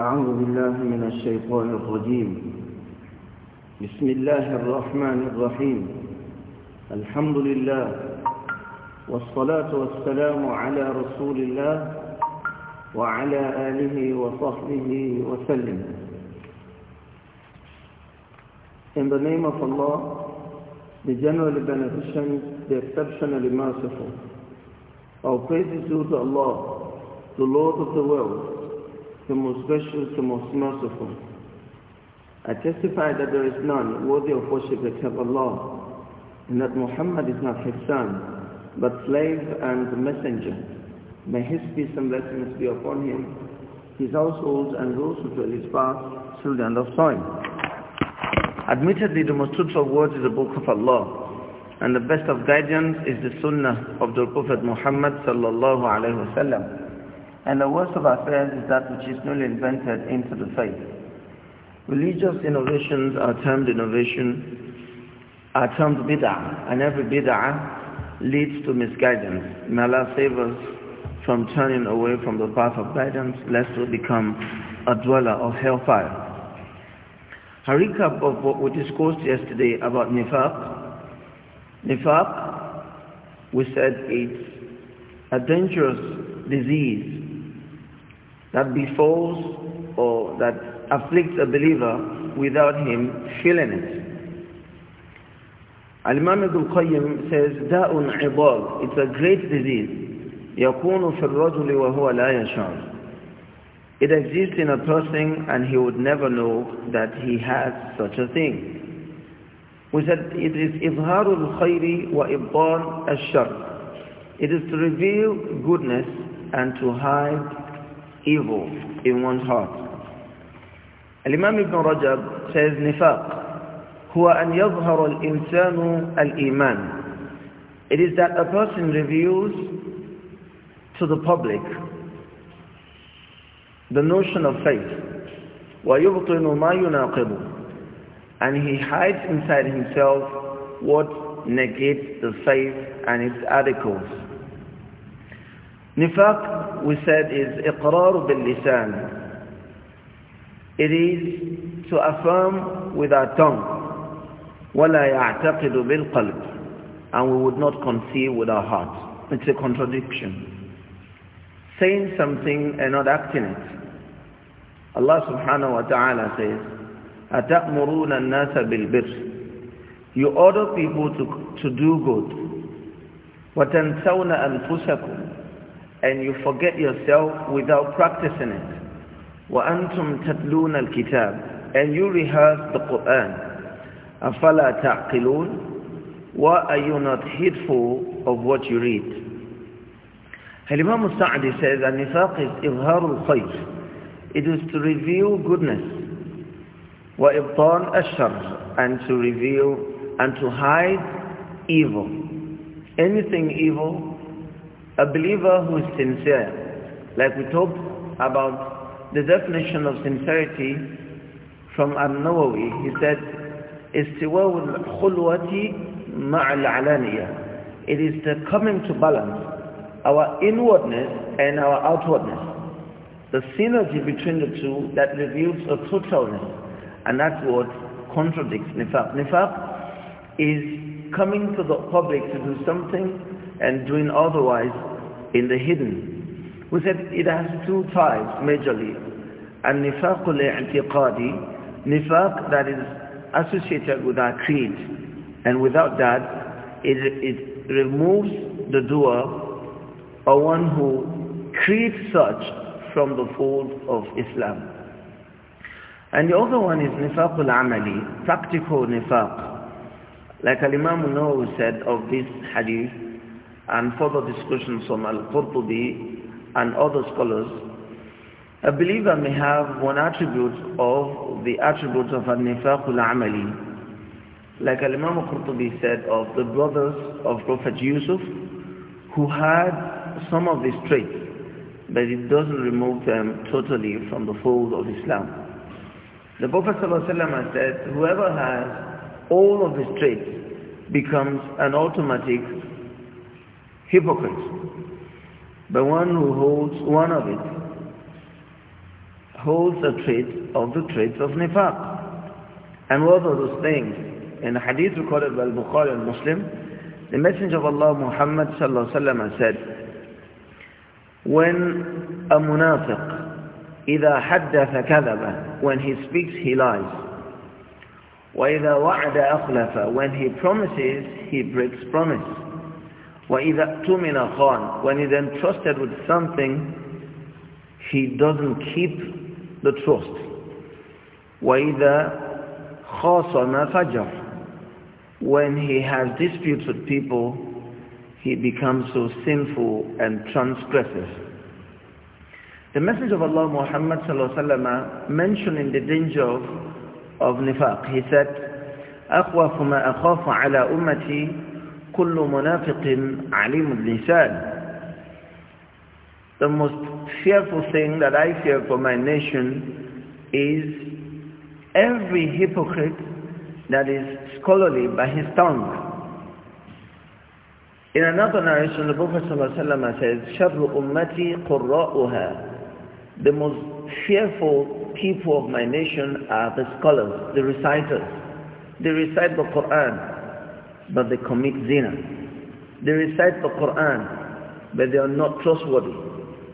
أعوذ بالله من الشيطان الرجيم بسم الله الرحمن الرحيم الحمد لله والصلاة والسلام على رسول الله وعلى آله وصحبه وسلم In the name of Allah, the general beneficent, the exceptionally merciful. Our praise is due to Allah, the Lord of the world, the most gracious, the most merciful. I testify that there is none worthy of worship except Allah, and that Muhammad is not his son, but slave and messenger. May his peace and blessings be upon him, his household, and those who dwell his path through the end of time. Admittedly, the most truthful words is the Book of Allah, and the best of guidance is the Sunnah of the Prophet Muhammad sallallahu alaihi wasallam. And the worst of affairs is that which is newly invented into the faith. Religious innovations are termed innovation, are termed bid'ah, and every bid'ah leads to misguidance. May Allah save us from turning away from the path of guidance, lest we become a dweller of hellfire. A recap of what we discussed yesterday about nifaq. Nifaq, we said it's a dangerous disease that befalls or that afflicts a believer without him feeling it. Al-Imam Ibn Qayyim says, "Daun عِضَابٌ It's a great disease. يَكُونُ فِي الرَّجُلِ وَهُوَ لَا يَشْعُرُ It exists in a person and he would never know that he has such a thing. We said it is إظهار الخير وإبطال الشر. It is to reveal goodness and to hide evil in one's heart. Al-Imam Ibn Rajab says nifaq هو al يظهر al-Iman." It It is that a person reveals to the public the notion of faith ويبطن ما يناقضه and he hides inside himself what negates the faith and its articles Nifaq, we said, is iqrar bil-lisan. It is to affirm with our tongue. وَلَا يَعْتَقِدُ بِالْقَلْبِ And we would not conceive with our heart. It's a contradiction. Saying something and not acting it. Allah subhanahu wa ta'ala says, أَتَأْمُرُونَ النَّاسَ بِالْبِرِّ You order people to, to do good. وَتَنْسَوْنَ أَنفُسَكُمْ and you forget yourself without practicing it. وَأَنْتُمْ تَتْلُونَ الْكِتَابِ And you rehearse the Qur'an. أَفَلَا تَعْقِلُونَ Why are you not heedful of what you read? Al-Imam Sa'di says, "An-nifaq is izhar al-khayr." It is to reveal goodness. Wa ibtan and to reveal and to hide evil. Anything evil a believer who is sincere, like we talked about the definition of sincerity from An-Nawawi, he said, It is the coming to balance our inwardness and our outwardness. The synergy between the two that reveals a totalness. And that's what contradicts nifaq. Nifaq is coming to the public to do something and doing otherwise in the hidden. We said it has two types majorly. And nifaq al-i'tiqadi, nifaq that is associated with our creed. And without that, it, it removes the doer or one who creates such from the fold of Islam. And the other one is nifaq al-amali, practical nifaq. Like Al-Imam said of this hadith, and further discussions from Al-Qurtubi and other scholars, a believer may have one attribute of the attributes of al-nifaqul amali. Like Al-Imam Qurtubi said of the brothers of Prophet Yusuf, who had some of these traits, but it doesn't remove them totally from the fold of Islam. The Prophet ﷺ said, whoever has all of these traits becomes an automatic Hypocrite, The one who holds one of it holds a trait of the traits of nifaq. And what are those things? In the hadith recorded by Bukhari and Muslim, the Messenger of Allah Muhammad sallallahu said, when a munafiq, إذا حدث كذبه, when he speaks he lies. وَإِذَا وَعْدَ أَخْلَفَ When he promises, he breaks promise. وَإِذَا اَتُمِنَ خَانٍ When he's entrusted with something, he doesn't keep the trust. وَإِذَا خَاصَمَ فَجَرٍ When he has disputes with people, he becomes so sinful and transgressive. The message of Allah Muhammad mentioning the danger of, of nifaq, he said, أَخْوَفُ مَا أَخَافُ عَلَى أُمَّتِي كل منافق عليم اللسان the most fearful thing that I fear for my nation is every hypocrite that is scholarly by his tongue. In another narration, the Prophet ﷺ says, شَرُّ أُمَّتِي قُرَّاؤُهَا The most fearful people of my nation are the scholars, the reciters. They recite the Quran but they commit zina. They recite the Quran, but they are not trustworthy.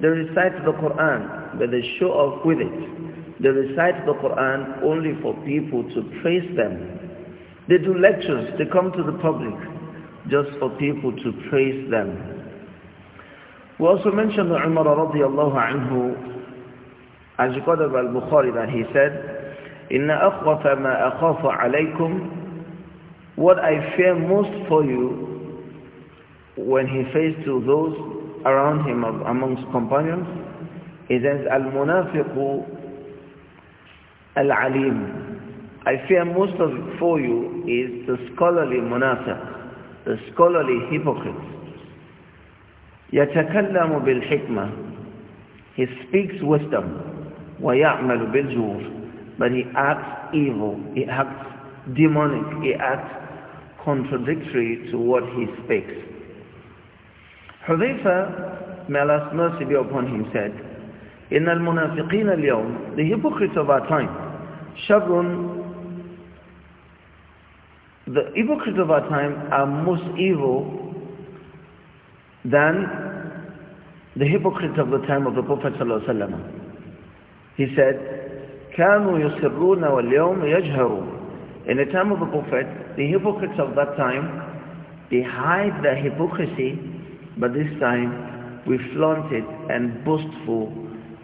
They recite the Quran, but they show off with it. They recite the Quran only for people to praise them. They do lectures, they come to the public, just for people to praise them. We also mentioned Umar radiallahu anhu, as recorded by al-Bukhari, that he said, إِنَّ أَخْوَفَ مَا أَخَافُ عَلَيْكُمْ what I fear most for you when he says to those around him amongst companions, he says, Al-Munafiqu Al-Alim. I fear most of it for you is the scholarly munafiq, the scholarly hypocrite. يتكلم بالحكمة He speaks wisdom ويعمل بالجور But he acts evil, he acts demonic, he acts contradictory to what he speaks. Hudhaifa, may Allah's mercy be upon him, said, إِنَّ الْمُنَافِقِينَ الْيَوْمِ The hypocrites of our time, شَرٌ The hypocrites of our time are most evil than the hypocrites of the time of the Prophet ﷺ. He said, كانوا يسرون واليوم يجهرون in the time of the Prophet, the hypocrites of that time, they hide their hypocrisy, but this time we flaunt it and boastful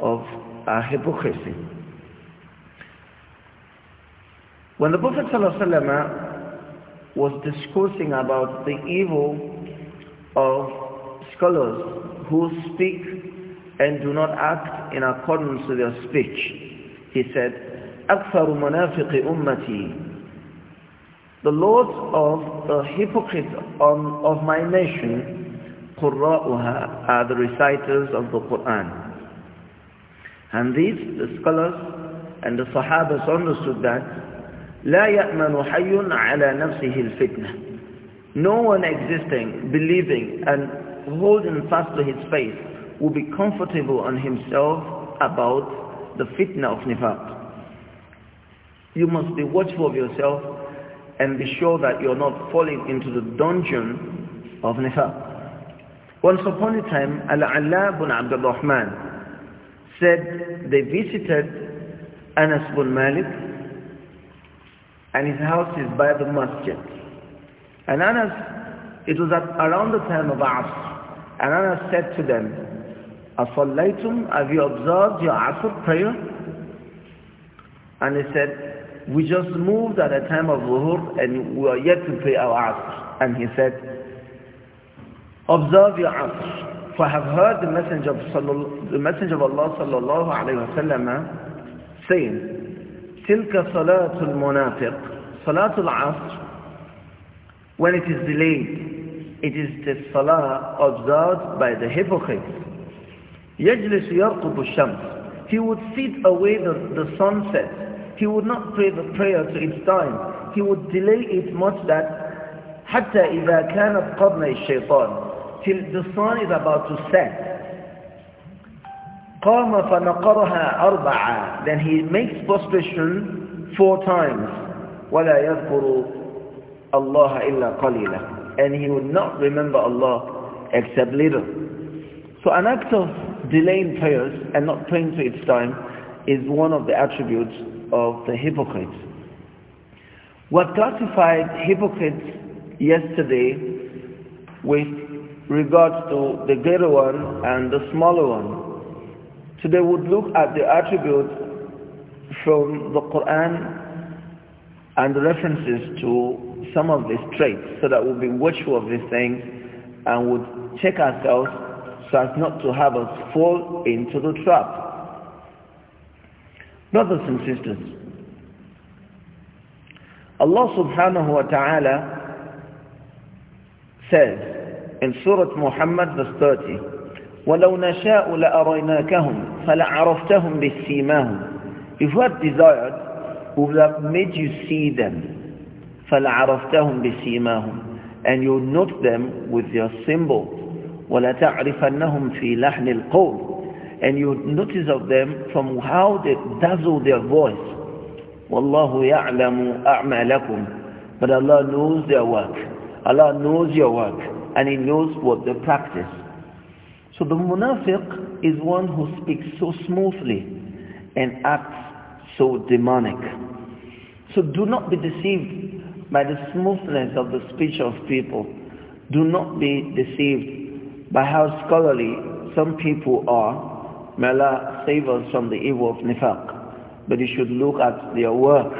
of our hypocrisy. When the Prophet ﷺ was discoursing about the evil of scholars who speak and do not act in accordance with their speech, he said, أكثر منافق أمتي the lords of the hypocrites of my nation, قُرَّاؤُهَا are the reciters of the Quran. And these, the scholars and the Sahabas understood that لا يأمن حي على نفسه الفتنة No one existing, believing and holding fast to his faith will be comfortable on himself about the fitna of nifaq. You must be watchful of yourself and be sure that you're not falling into the dungeon of nifaq. Once upon a time, Al-Ala Abdul Rahman said they visited Anas bin Malik and his house is by the masjid. And Anas, it was at around the time of Asr, and Anas said to them, Asallaytum, have you observed your Asr prayer? And they said, we just moved at the time of Zuhur and we are yet to pray our Asr. And he said, observe your Asr. For I have heard the message of, the message of Allah sallallahu alayhi wa sallam saying, تلك صلاة المنافق صلاة العصر when it is delayed it is the salah observed by the hypocrites يجلس يرقب الشمس he would sit away the, the sunset he would not pray the prayer to its time. He would delay it much that حتى إذا كانت قرن الشيطان till the sun is about to set. قام فنقرها أربعة then he makes prostration four times ولا يذكر الله إلا قليلا and he would not remember Allah except little. So an act of delaying prayers and not praying to its time is one of the attributes of the hypocrites. What classified hypocrites yesterday with regards to the greater one and the smaller one. Today would we'll look at the attributes from the Quran and the references to some of these traits so that we'll be watchful of these things and would check ourselves so as not to have us fall into the trap. Brothers and sisters, Allah subhanahu wa ta'ala says in Surah Muhammad verse 30, وَلَوْ نَشَاءُ لَأَرَيْنَاكَهُمْ فَلَعَرَفْتَهُمْ بِالسِّيمَاهُمْ If we desired, we would have made you see them. فَلَعَرَفْتَهُمْ بِالسِّيمَاهُمْ And you note them with your symbols. وَلَتَعْرِفَنَّهُمْ فِي لَحْنِ الْقَوْلِ and you notice of them from how they dazzle their voice. Wallahu ya'lamu a'malakum. But Allah knows their work. Allah knows your work. And He knows what they practice. So the munafiq is one who speaks so smoothly and acts so demonic. So do not be deceived by the smoothness of the speech of people. Do not be deceived by how scholarly some people are May Allah save us from the evil of nifaq. But you should look at their work.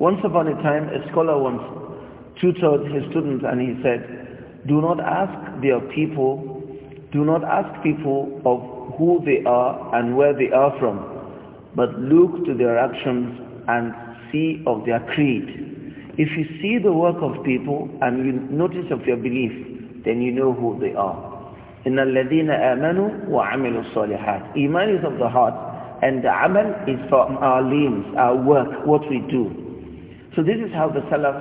Once upon a time, a scholar once tutored his students and he said, do not ask their people, do not ask people of who they are and where they are from, but look to their actions and see of their creed. If you see the work of people and you notice of your belief, then you know who they are. إن الذين آمنوا وعملوا الصالحات Iman is of the heart and the aman is from our limbs, our work, what we do. So this is how the Salaf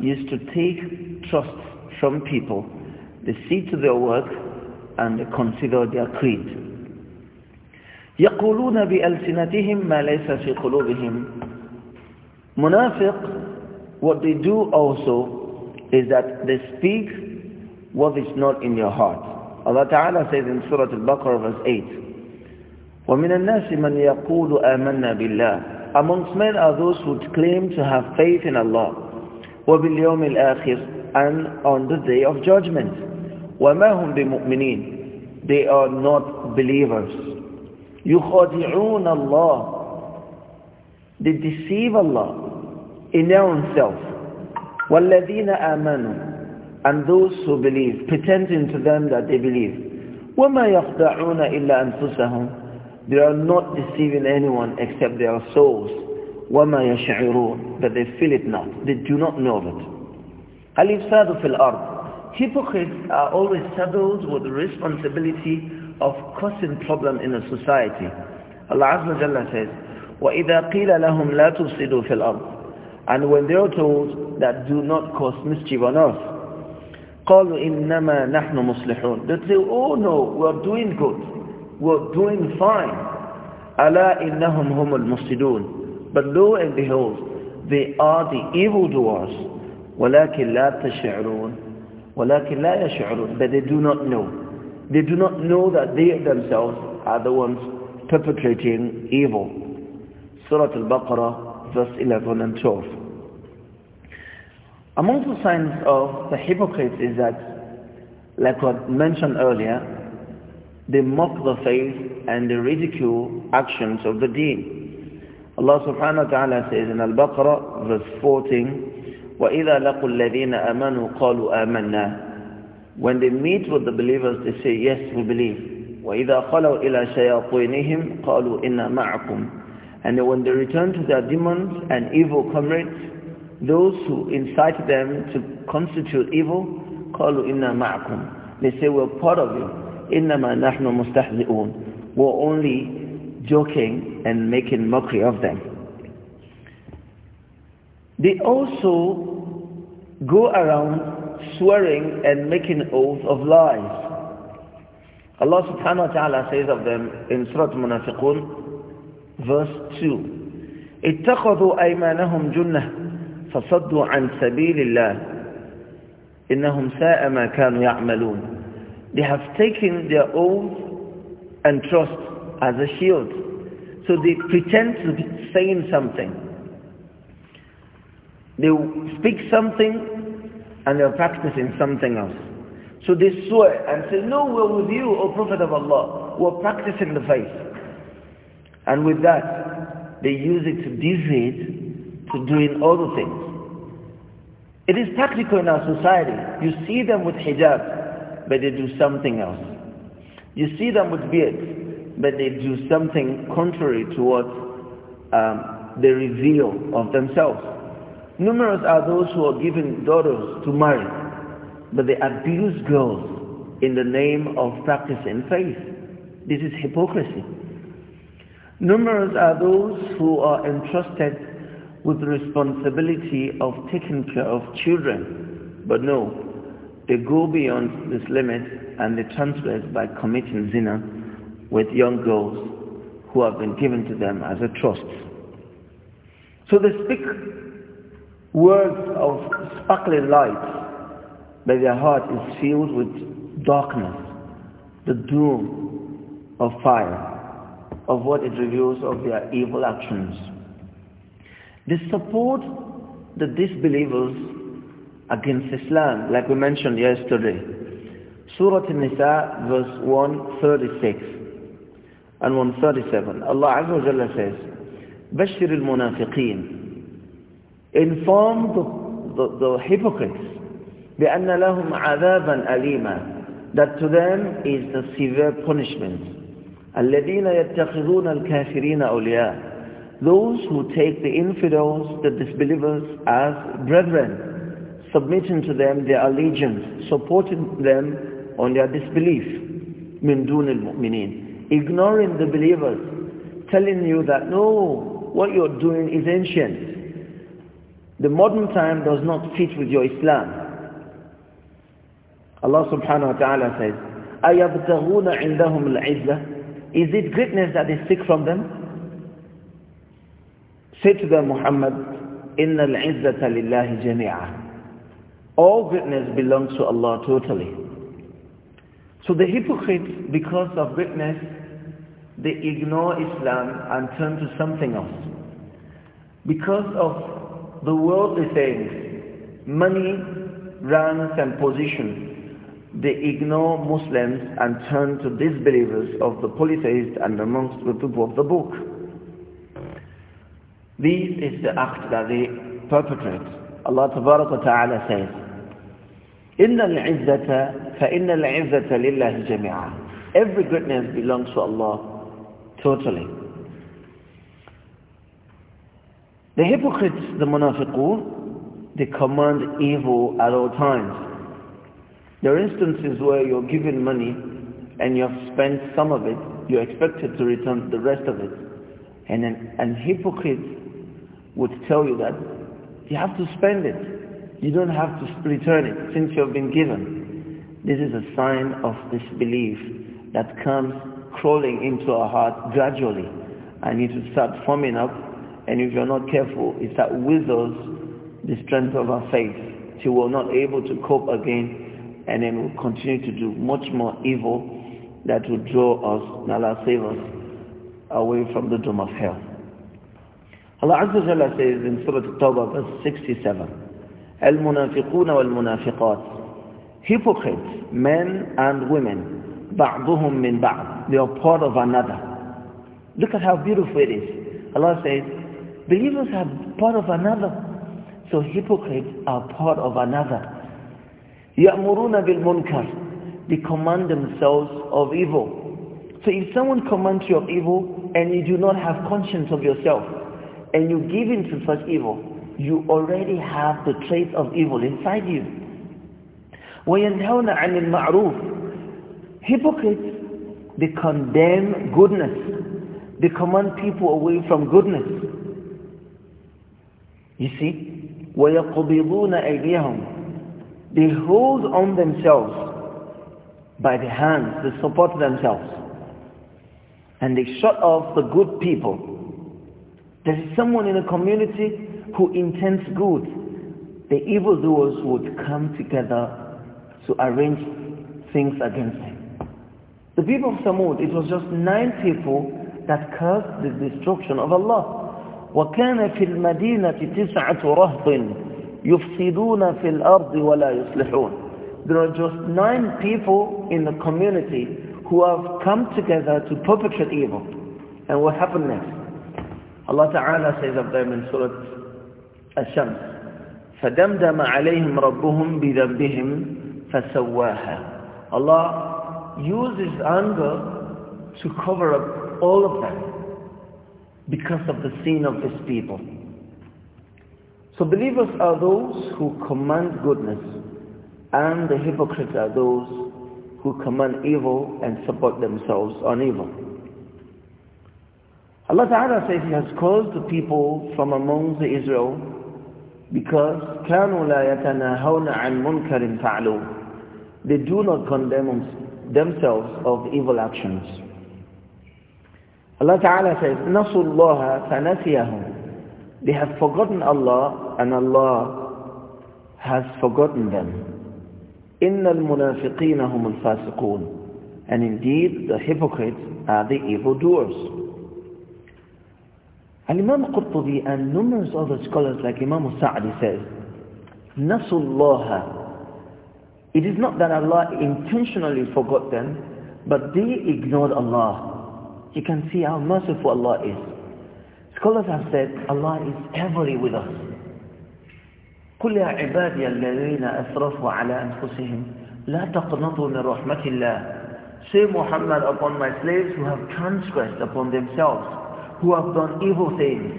used to take trust from people. They see to their work and they consider their creed. يقولون بألسنتهم ما ليس في قلوبهم what they do also is that they speak what is not in your heart. Allah Ta'ala says in Surah Al-Baqarah verse 8, وَمِنَ النَّاسِ مَنْ يَقُولُ آمَنَّا بِاللَّهِ Amongst men are those who claim to have faith in Allah, وَبِالْيَوْمِ الْآخِرِ and on the day of judgment. وَمَا هُمْ بِمُؤْمِنِينَ They are not believers. يُخَادِعُونَ اللَّهِ They deceive Allah in their own self. وَالَّذِينَ آمَنُوا and those who believe, pretending to them that they believe. وَمَا يَخْدَعُونَ إِلَّا أَنفُسَهُمْ They are not deceiving anyone except their souls. وَمَا يَشْعِرُونَ that they feel it not. They do not know it. الْإِفْسَادُ فِي الْأَرْضِ Hypocrites are always saddled with the responsibility of causing problem in a society. Allah Azza Jalla says, وَإِذَا قِيلَ لَهُمْ لَا تُفْسِدُوا فِي الْأَرْضِ And when they are told that do not cause mischief on earth, قالوا إنما نحن مصلحون they say oh no we are doing good we are doing fine ألا إنهم هم المفسدون but lo and behold they are the evil doers ولكن لا تشعرون ولكن لا يشعرون but they do not know they do not know that they themselves are the ones perpetrating evil Surah Al-Baqarah verse 11 and 12 Among the signs of the hypocrites is that, like what mentioned earlier, they mock the faith and they ridicule actions of the deen. Allah subhanahu wa ta'ala says in Al-Baqarah verse 14, وَإِذَا لَقُوا الَّذِينَ آمَنُوا قَالُوا آمَنَّا When they meet with the believers, they say, yes, we believe. وَإِذَا خَلَوْا إِلَى شَيَاطِينِهِمْ قَالُوا إِنَّا مَعَكُمْ And when they return to their demons and evil comrades, those who incite them to constitute evil, قالوا إنا معكم. They say we're part of you. إنما نحن مستهزئون. We're only joking and making mockery of them. They also go around swearing and making oaths of lies. Allah subhanahu wa ta'ala says of them in Surah Munafiqun verse 2 اتخذوا أيمانهم جنة فصدوا عن سبيل الله إنهم ساء ما كانوا يعملون They have taken their oath and trust as a shield. So they pretend to be saying something. They speak something and they're practicing something else. So they swear and say, no, we're with you, O Prophet of Allah. We're practicing the faith. And with that, they use it to deceive to doing all the things. It is practical in our society. You see them with hijab, but they do something else. You see them with beards, but they do something contrary to what um, they reveal of themselves. Numerous are those who are given daughters to marry, but they abuse girls in the name of practicing faith. This is hypocrisy. Numerous are those who are entrusted with the responsibility of taking care of children. But no, they go beyond this limit and they transgress by committing zina with young girls who have been given to them as a trust. So they speak words of sparkling light, but their heart is filled with darkness, the doom of fire, of what it reveals of their evil actions. The support the disbelievers against Islam, like we mentioned yesterday. Surah An-Nisa, verse 136 and 137. Allah Azza wa Jalla says, بَشِّرِ الْمُنَافِقِينَ Inform the, the, the hypocrites بِأَنَّ لَهُمْ عَذَابًا أَلِيمًا That to them is the severe punishment. الَّذِينَ يَتَّخِذُونَ الْكَافِرِينَ أَوْلِيَاءَ those who take the infidels, the disbelievers as brethren, submitting to them their allegiance, supporting them on their disbelief, min dunil ignoring the believers, telling you that no, what you're doing is ancient. The modern time does not fit with your Islam. Allah subhanahu wa ta'ala says, أَيَبْتَغُونَ عِنْدَهُمُ الْعِزَّةِ Is it greatness that is seek from them? Say to them, Muhammad, Inna al-izzata lillahi All greatness belongs to Allah totally. So the hypocrites, because of greatness, they ignore Islam and turn to something else. Because of the worldly things, money, ranks and position, they ignore Muslims and turn to disbelievers of the polytheists and amongst the people of the book. This is the act that they perpetrate. Allah Ta'ala says, إِنَّ الْعِزَّةَ فَإِنَّ الْعِزَّةَ لِلَّهِ جَمِيعًا Every goodness belongs to Allah totally. The hypocrites, the munafiqun, they command evil at all times. There are instances where you're given money and you've spent some of it, you're expected to return the rest of it. And, an, and hypocrites would tell you that you have to spend it. You don't have to return it since you have been given. This is a sign of disbelief that comes crawling into our heart gradually and it will start forming up and if you're not careful it starts withers the strength of our faith till we're not able to cope again and then we'll continue to do much more evil that will draw us, Allah save us, away from the doom of hell. Allah Azza wa says in Surah At-Tawbah verse 67, Al-Munafiqun wal-Munafiqat, hypocrites, men and women, بَعْضُهُمْ مِنْ بَعْضٍ They are part of another. Look at how beautiful it is. Allah says, believers are part of another. So hypocrites are part of another. يَأْمُرُونَ بِالْمُنْكَرِ They command themselves of evil. So if someone commands you of evil and you do not have conscience of yourself, and you give in to such evil, you already have the traits of evil inside you. وَيَنْهَوْنَ عَنِ الْمَعْرُوفِ Hypocrites, they condemn goodness. They command people away from goodness. You see? وَيَقْبِضُونَ أَيْدِيَهُمْ They hold on themselves by the hands, they support themselves. And they shut off the good people there is someone in a community who intends good. The evildoers would come together to arrange things against him. The people of Samud, it was just nine people that caused the destruction of Allah. وكان في المدينة تسعة رهط يفسدون في الأرض ولا يصلحون There are just nine people in the community who have come together to perpetrate evil. And what happened next? Allah Ta'ala says of them in Surah al shams فَدَمْدَمَ عَلَيْهِمْ رَبُّهُمْ بِذَنْبِهِمْ فَسَوَّاهَا Allah uses anger to cover up all of them because of the sin of His people. So believers are those who command goodness and the hypocrites are those who command evil and support themselves on evil. Allah Ta'ala says He has caused the people from among the Israel because كَانُوا لَا يَتَنَاهَوْنَ عَنْ مُنْكَرٍ فَعْلُوا They do not condemn themselves of evil actions. Allah Ta'ala says, نَسُوا اللَّهَ فَنَسِيَهُمْ They have forgotten Allah and Allah has forgotten them. إِنَّ الْمُنَافِقِينَ هُمُ الْفَاسِقُونَ And indeed, the hypocrites are the evildoers. Al-Imam Qurtubi and numerous other scholars like Imam Sa'di says, Nasullah. It is not that Allah intentionally forgot them, but they ignored Allah. You can see how merciful Allah is. Scholars have said Allah is heavily with us. قل يا عبادي الذين أسرفوا على أنفسهم لا تقنطوا من رحمة الله Say Muhammad upon my slaves who have transgressed upon themselves who have done evil things.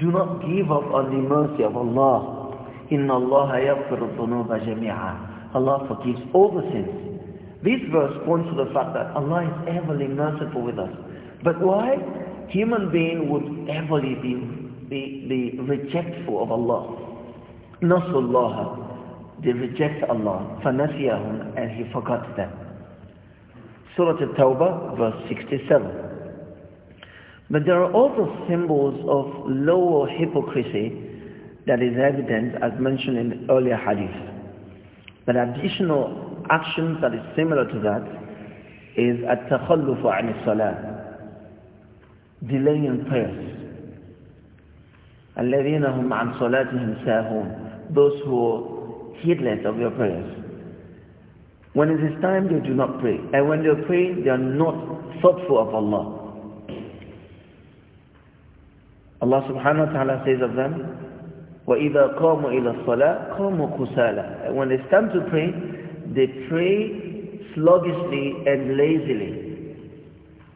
Do not give up on the mercy of Allah. Inna Allah yaghfiru dhunuba Allah forgives all the sins. This verse points to the fact that Allah is everly merciful with us. But why? Human being would everly be, be, be rejectful of Allah. Nasullah. They reject Allah. فَنَسِيَهُمْ And He forgot them. Surah At-Tawbah, verse 67. But there are also symbols of lower hypocrisy that is evident as mentioned in earlier hadith. But additional actions that is similar to that is at-takhallufu an salah delaying prayers. الَّذِينَ هُمْ عَنْ صَلَاتِهِمْ سَاهُونَ Those who are heedless of your prayers. When it is time, they do not pray. And when they pray, they are not thoughtful of Allah. Allah subhanahu wa ta'ala says of them, وَإِذَا قَامُوا إِلَى الصَّلَاةِ قَامُوا كُسَالًا When it's time to pray, they pray sluggishly and lazily.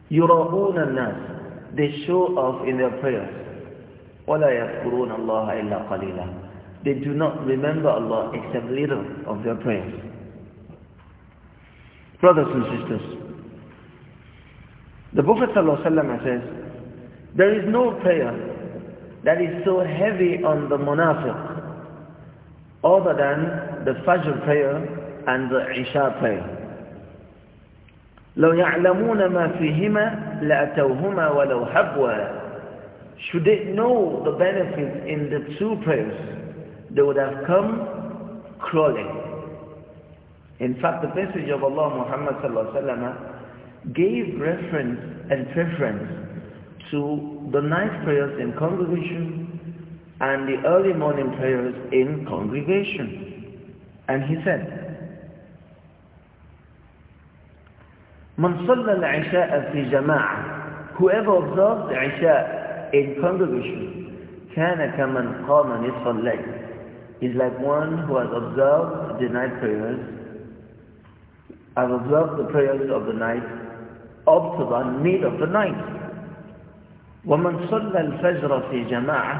يُرَعُونَ النَّاسِ They show off in their prayers. وَلَا يَذْكُرُونَ اللَّهَ إِلَّا قَلِيلًا They do not remember Allah except little of their prayers. Brothers and sisters, the Prophet ﷺ says, there is no prayer that is so heavy on the munafiq other than the Fajr prayer and the Isha prayer. لو يعلمون ما فيهما لأتوهما ولو حبوا Should they know the benefits in the two prayers, they would have come crawling. In fact, the message of Allah Muhammad gave reference and preference to the night prayers in congregation and the early morning prayers in congregation. And he said, من صلى العشاء في جماعة whoever observes عشاء in congregation كان كمن قام نصف الليل is like one who has observed the night prayers has observed the prayers of the night up to the mid of the night وَمَنْ صَلَّى الْفَجْرَ فِي جَمَاعَةٍ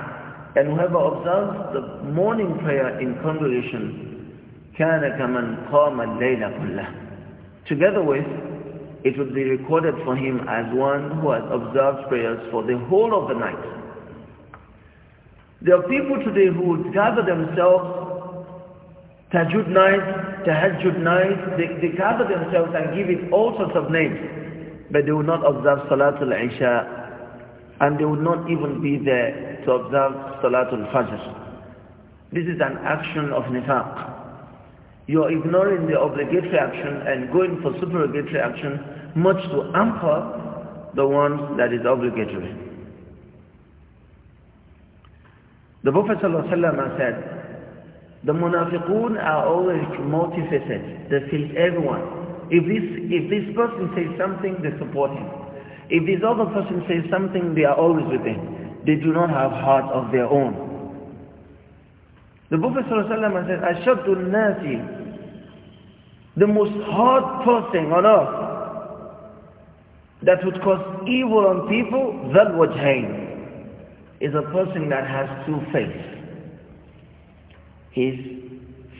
And whoever observes the morning prayer in congregation, كَانَ كَمَنْ قَامَ اللَّيْلَ كُلَّهُ Together with, it would be recorded for him as one who has observed prayers for the whole of the night. There are people today who would gather themselves, tajud night, tahajjud night, they, they gather themselves and give it all sorts of names, but they will not observe Salatul Isha and they would not even be there to observe Salatul Fajr. This is an action of nifaq. You are ignoring the obligatory action and going for superobligatory action much to hamper the one that is obligatory. The Prophet ﷺ said, the munafiqun are always multifaceted. They feel everyone. If this, if this person says something, they support him. If this other person says something, they are always with him. They do not have heart of their own. The Prophet ﷺ said, Ashaddu nasi, the most hard person on earth that would cause evil on people, that wajhain, is a person that has two faces. He's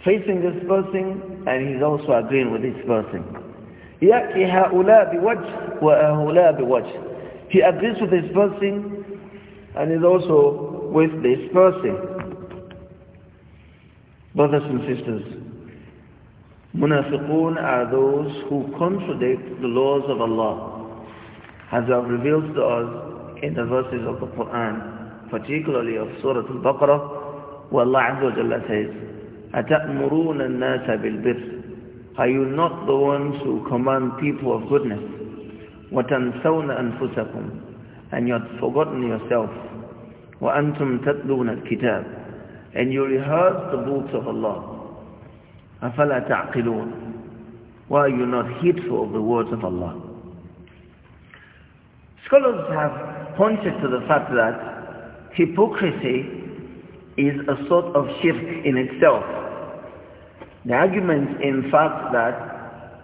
facing this person and he's also agreeing with this person. يأتي هؤلاء بوجه وهؤلاء بوجه he agrees with this person and is also with this person brothers and sisters munafiqun are those who contradict the laws of Allah as are revealed to us in the verses of the Quran particularly of Surah Al-Baqarah where Allah Azza wa Jalla says أَتَأْمُرُونَ النَّاسَ are you not the ones who command people of goodness? وَتَنْسَوْنَ أَنفُسَكُمْ And you had forgotten yourself. وَأَنْتُمْ تَتْلُونَ الْكِتَابِ And you rehearse the books of Allah. أَفَلَا تَعْقِلُونَ Why are you not heedful of the words of Allah? Scholars have pointed to the fact that hypocrisy is a sort of shirk in itself. The argument, in fact, that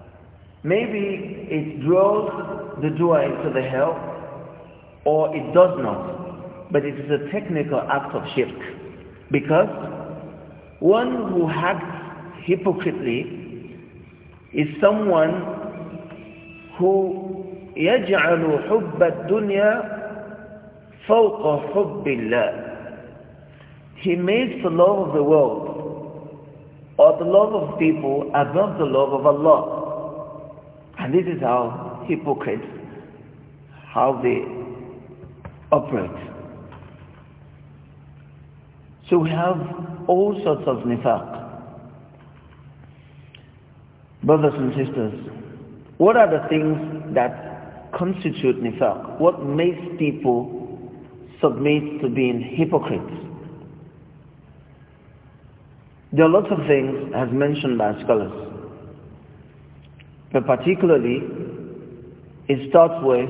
maybe it draws the doer into the hell or it does not, but it is a technical act of shirk because one who acts hypocritically is someone who يجعل حب الدنيا فوق حب الله He makes the love of the world or the love of people above the love of Allah. And this is how hypocrites, how they operate. So we have all sorts of nifaq. Brothers and sisters, what are the things that constitute nifaq? What makes people submit to being hypocrites? There are lots of things as mentioned by scholars. But particularly, it starts with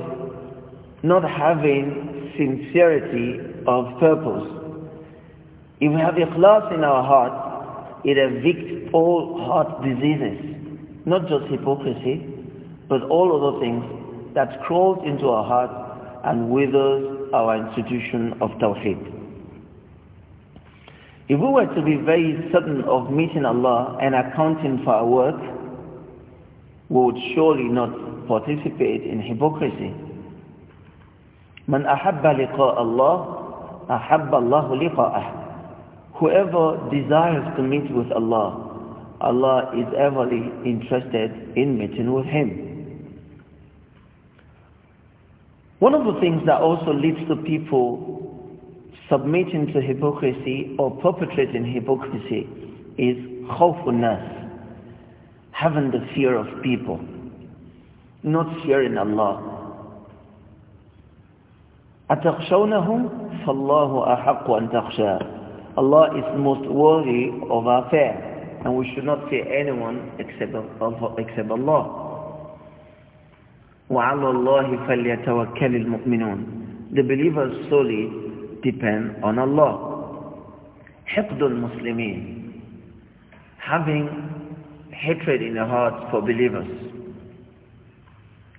not having sincerity of purpose. If we have ikhlas in our heart, it evicts all heart diseases, not just hypocrisy, but all other things that crawls into our heart and withers our institution of tawheed. If we were to be very certain of meeting Allah and accounting for our work, we would surely not participate in hypocrisy. Man ahabba liqa Allah, ahabba Allahu liqa'ah. Whoever desires to meet with Allah, Allah is everly interested in meeting with him. One of the things that also leads to people submitting to hypocrisy or perpetrating hypocrisy is khawfunnas, having the fear of people, not fearing Allah. أَتَخْشَوْنَهُمْ فَاللَّهُ أَحَقُّ أَن تَخْشَى Allah is most worthy of our fear, and we should not fear anyone except, except Allah. وَعَلَى اللَّهِ فَلْيَتَوَكَّلِ الْمُؤْمِنُونَ The believers solely depend on Allah. Haqdul Muslimin, having hatred in the heart for believers.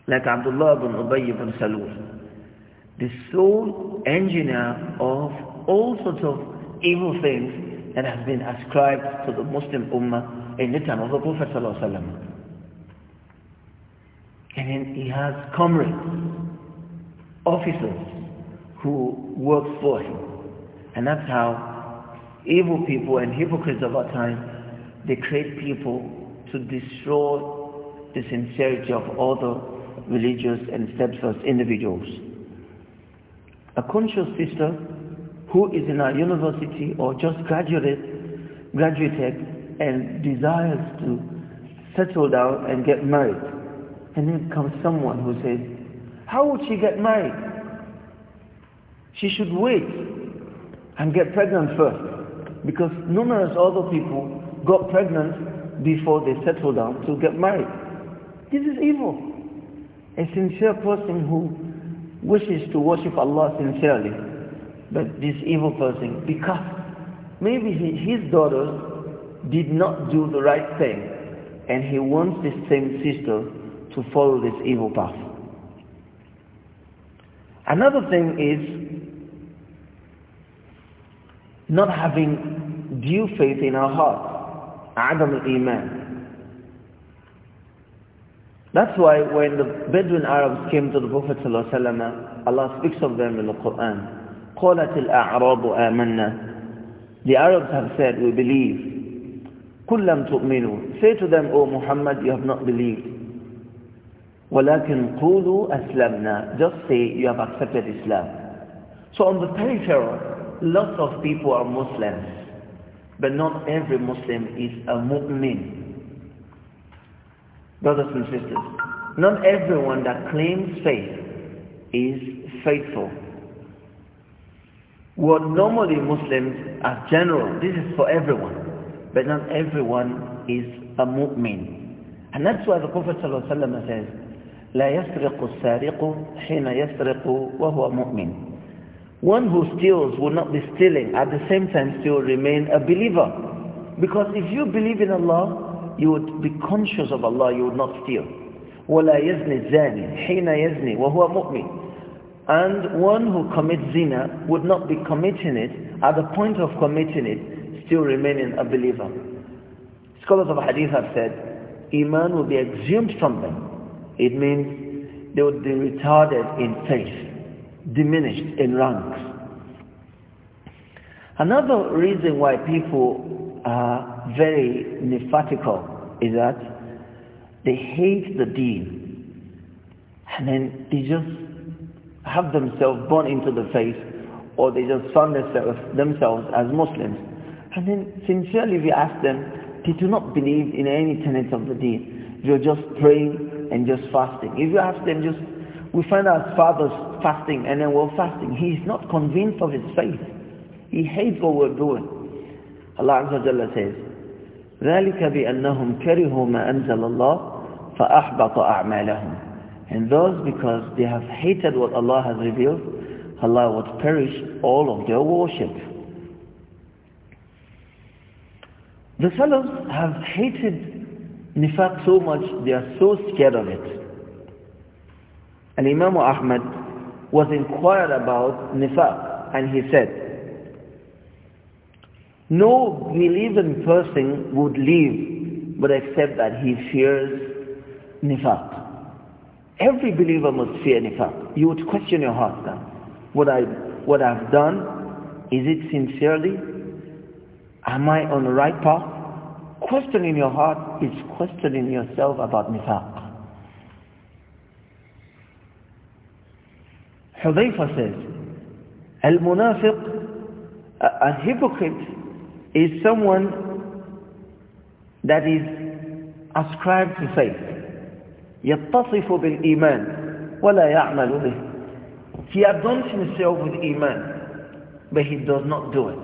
Like Abdullah ibn Ubayy ibn Salul, the sole engineer of all sorts of evil things that has been ascribed to the Muslim Ummah in the time of the Prophet Sallallahu And then he has comrades, officers, who works for him. And that's how evil people and hypocrites of our time, they create people to destroy the sincerity of other religious and steadfast individuals. A conscious sister who is in our university or just graduated, graduated and desires to settle down and get married. And then comes someone who says, how would she get married? She should wait and get pregnant first because numerous other people got pregnant before they settled down to get married. This is evil. A sincere person who wishes to worship Allah sincerely, but this evil person, because maybe his daughters did not do the right thing and he wants this same sister to follow this evil path. Another thing is not having due faith in our heart, Adam al-Iman. That's why when the Bedouin Arabs came to the Prophet ﷺ, Allah speaks of them in the Quran. قَالَتِ الْأَعْرَابُ آمَنَّا The Arabs have said, we believe. كُلَّمْ تُؤْمِنُوا Say to them, O Muhammad, you have not believed. وَلَكِنْ قُولُوا أَسْلَمْنَا Just say, you have accepted Islam. So on the terror, lots of people are Muslims, but not every Muslim is a mu'min. Brothers and sisters, not everyone that claims faith is faithful. What normally Muslims are general, this is for everyone, but not everyone is a mu'min. And that's why the Prophet ﷺ says, لا يسرق السارق حين يسرق وهو مؤمن one who steals will not be stealing, at the same time still remain a believer. Because if you believe in Allah, you would be conscious of Allah, you would not steal. وَلَا حِينَ وَهُوَ مُؤْمِنٌ and one who commits zina would not be committing it at the point of committing it, still remaining a believer. Scholars of hadith have said, Iman will be exhumed from them. It means they would be retarded in faith diminished in ranks. Another reason why people are very nephatical is that they hate the deen and then they just have themselves born into the faith or they just found themselves, themselves as Muslims. And then sincerely we ask them, they do not believe in any tenets of the deen. You're just praying and just fasting. If you ask them just we find our fathers fasting and then we're fasting. He is not convinced of his faith. He hates what we're doing. Allah Azza wa Jalla says, ذَلِكَ بِأَنَّهُمْ كَرِهُوا مَا أَنزَلَ اللَّهُ فَأَحْبَطَ أَعْمَالَهُمْ And those because they have hated what Allah has revealed, Allah would perish all of their worship. The fellows have hated Nifaq so much, they are so scared of it. And Imam Ahmad was inquired about nifaq and he said, no believing person would leave, but except that he fears nifaq. Every believer must fear nifaq. You would question your heart now. What, I, what I've done, is it sincerely? Am I on the right path? Questioning your heart is questioning yourself about nifaq. Hudayfa says, Al-Munafiq, a, a hypocrite, is someone that is ascribed to faith. يتصف بالإيمان ولا يعمل به. He adorns himself with iman, but he does not do it.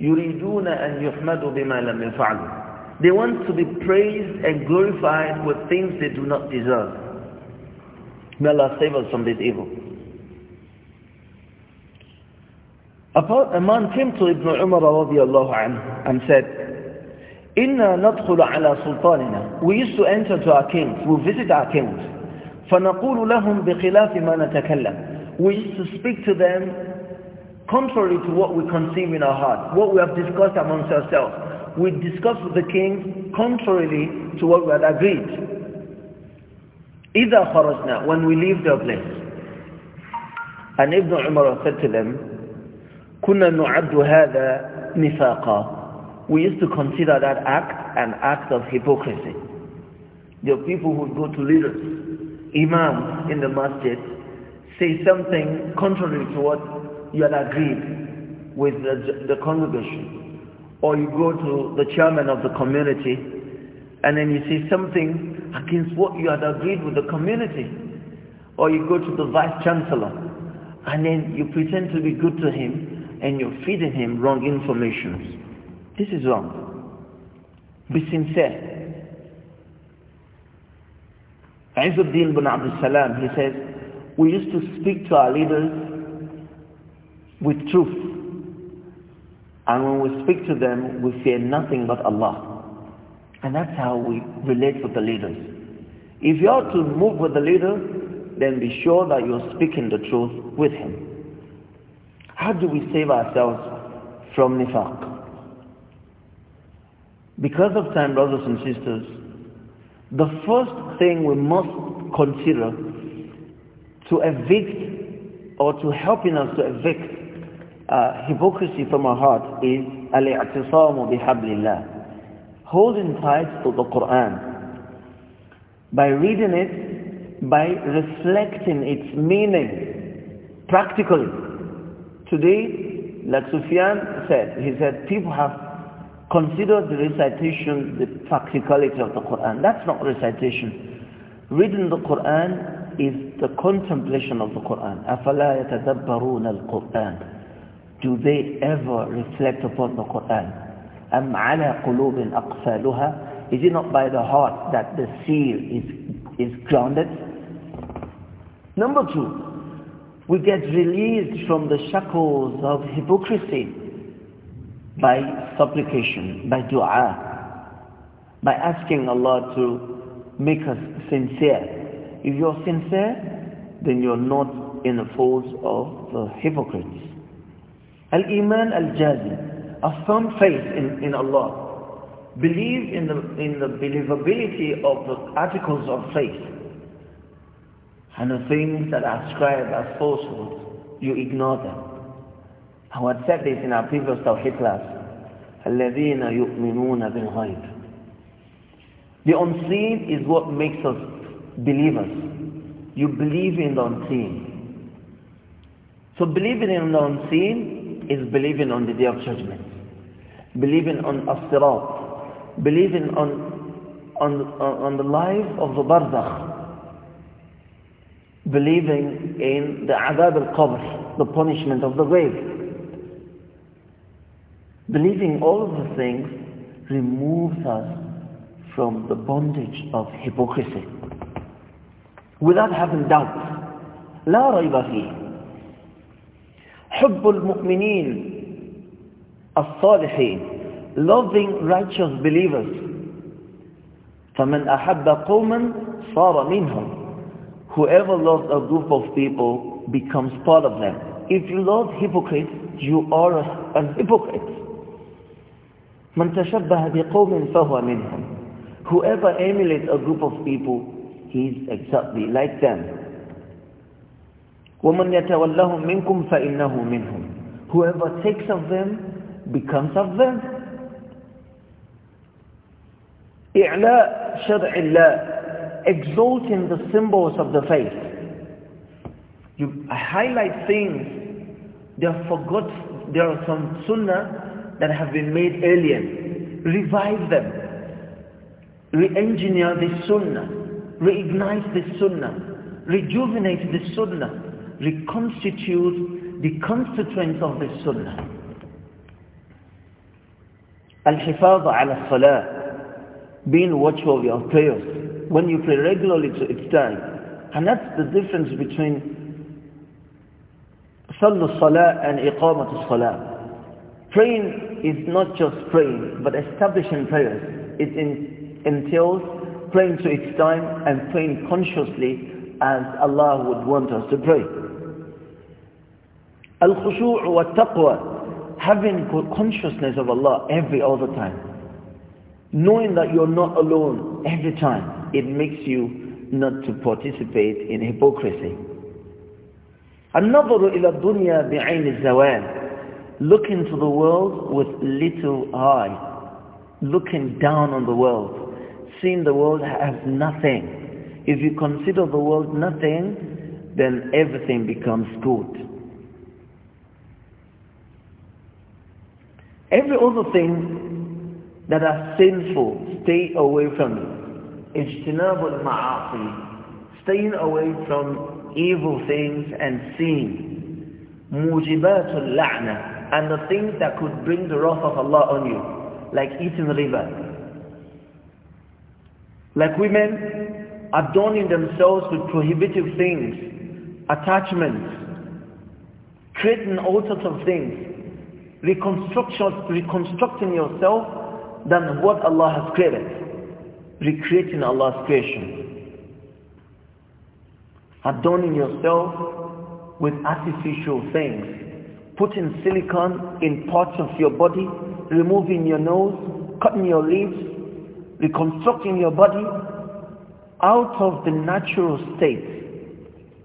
يريدون أن يحمدوا بما لم يفعلوا. They want to be praised and glorified with things they do not deserve. May Allah save us from this evil. A man came to Ibn Umar radiallahu anhu and said, Inna nadkhulu ala sultanina. We used to enter to our kings, we visit our kings. فَنَقُولُ لَهُمْ بِخِلَافِ مَا نَتَكَلَّمْ We used to speak to them contrary to what we conceive in our heart, what we have discussed amongst ourselves. We discuss with the kings contrary to what we had agreed. إِذَا خَرَجْنَا When we leave their place. And Ibn Umar said to them, كُنَّا نُعَدُّ هَذَا نِفَاقًا We used to consider that act an act of hypocrisy. The people who go to leaders, imams in the masjid, say something contrary to what you had agreed with the, the congregation. Or you go to the chairman of the community and then you say something against what you had agreed with the community. Or you go to the vice chancellor and then you pretend to be good to him and you're feeding him wrong information. This is wrong. Be sincere. Izzuddin bin Abdul Salam, he says, we used to speak to our leaders with truth. And when we speak to them, we fear nothing but Allah. And that's how we relate with the leaders. If you are to move with the leader, then be sure that you're speaking the truth with him. How do we save ourselves from nifaq? Because of time, brothers and sisters, the first thing we must consider to evict or to helping us to evict uh, hypocrisy from our heart is al-i'tisamu bihablillah holding tight to the Quran, by reading it, by reflecting its meaning practically. Today, like Sufyan said, he said, people have considered the recitation the practicality of the Quran. That's not recitation. Reading the Quran is the contemplation of the Quran. أَفَلَا يَتَدَبَّرُونَ الْقُرْآنَ Do they ever reflect upon the Quran? Am ala قلوب أقفالها Is it not by the heart that the seal is, is grounded? Number two, we get released from the shackles of hypocrisy by supplication, by dua, by asking Allah to make us sincere. If you're sincere, then you're not in the folds of the hypocrites. Al-Iman al-Jazim, a firm faith in, in Allah. Believe in the, in the believability of the articles of faith and the things that are ascribed as falsehoods, you ignore them. I had said this in our previous Tawheed class. الَّذِينَ يُؤْمِنُونَ بِالْغَيْبِ The unseen is what makes us believers. You believe in the unseen. So believing in the unseen is believing on the Day of Judgment, believing on as believing on, on, on the life of the Barzakh, believing in the Adab al-Qabr, the punishment of the grave. Believing all of the things removes us from the bondage of hypocrisy. Without having doubt, لا ريب فيه حب المؤمنين الصالحين loving righteous believers فمن أحب قوما صار منهم whoever loves a group of people becomes part of them if you love hypocrites you are a hypocrite من تشبه بقوم فهو منهم whoever emulates a group of people he is exactly like them وَمَنْ يَتَوَلَّهُمْ مِنْكُمْ فَإِنَّهُ مِنْهُمْ Whoever takes of them becomes of them. إِعْلَاء شَرْعِ اللَّهِ Exalting the symbols of the faith. You highlight things, they are forgot, there are some sunnah that have been made alien. Revive them. Re-engineer the sunnah. Reignite the sunnah. Rejuvenate the sunnah reconstitute the constituents of the sunnah. Al-hifaz ala salah, being watchful of your prayers. When you pray regularly, to its time. And that's the difference between Sallu Salah and Iqamatu Salah. Praying is not just praying, but establishing prayers. It in, entails praying to its time and praying consciously as Allah would want us to pray. Al-khushu' wa taqwa, having consciousness of Allah every all the time. Knowing that you're not alone every time, it makes you not to participate in hypocrisy. النظر إلى الدنيا بعين الزوال Look into the world with little eye, looking down on the world, seeing the world as nothing. If you consider the world nothing, then everything becomes good. Every other thing that are sinful, stay away from it. Ijtinabul ma'asi, staying away from evil things and sin. Mujibatul la'na, and the things that could bring the wrath of Allah on you, like eating liver, Like women adorning themselves with prohibitive things, attachments, creating all sorts of things reconstruction, reconstructing yourself than what Allah has created, recreating Allah's creation, adorning yourself with artificial things, putting silicon in parts of your body, removing your nose, cutting your lips, reconstructing your body out of the natural state.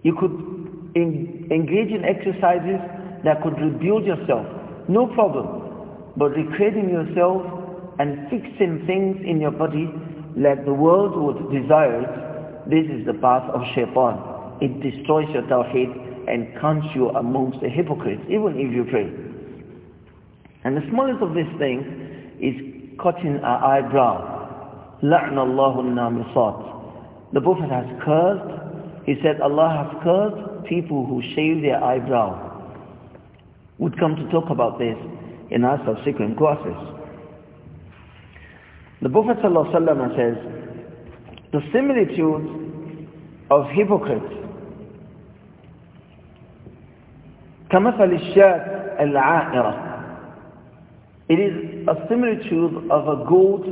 You could engage in exercises that could rebuild yourself, no problem. But recreating yourself and fixing things in your body like the world would desire it, this is the path of shaitan. It destroys your tawheed and counts you amongst the hypocrites, even if you pray. And the smallest of these things is cutting an eyebrow. لَعْنَ اللَّهُ النَّامِصَاتِ The Prophet has cursed, he said Allah has cursed people who shave their eyebrow would come to talk about this in our subsequent classes. The Prophet ﷺ says, the similitude of hypocrites كمثل الشاة العائرة It is a similitude of a goat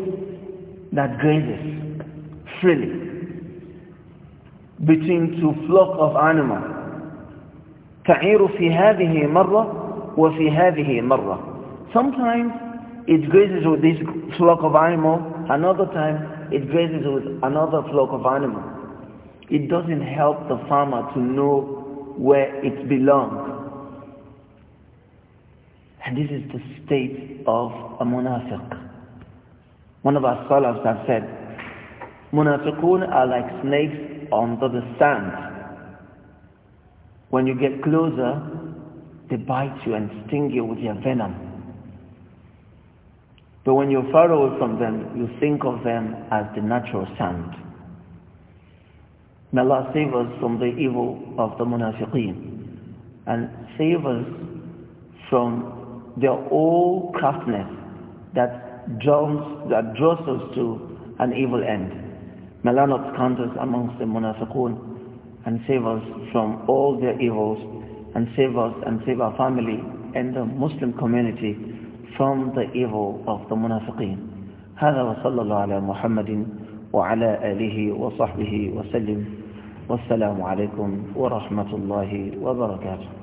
that grazes freely between two flock of animals. تعير في هذه مرة وفي هذه مرة sometimes it grazes with this flock of animal another time it grazes with another flock of animal it doesn't help the farmer to know where it belongs and this is the state of a munafiq one of our scholars has said munafiqun are like snakes under the sand when you get closer they bite you and sting you with their venom. But when you're far away from them, you think of them as the natural sand. May Allah save us from the evil of the munafiqeen and save us from their old craftiness that draws, that draws us to an evil end. May Allah not count us amongst the munafiqun and save us from all their evils and save us and save our family and the Muslim community from the evil of the munafiqeen. هذا وصلى الله على محمد وعلى آله وصحبه وسلم والسلام عليكم ورحمة الله وبركاته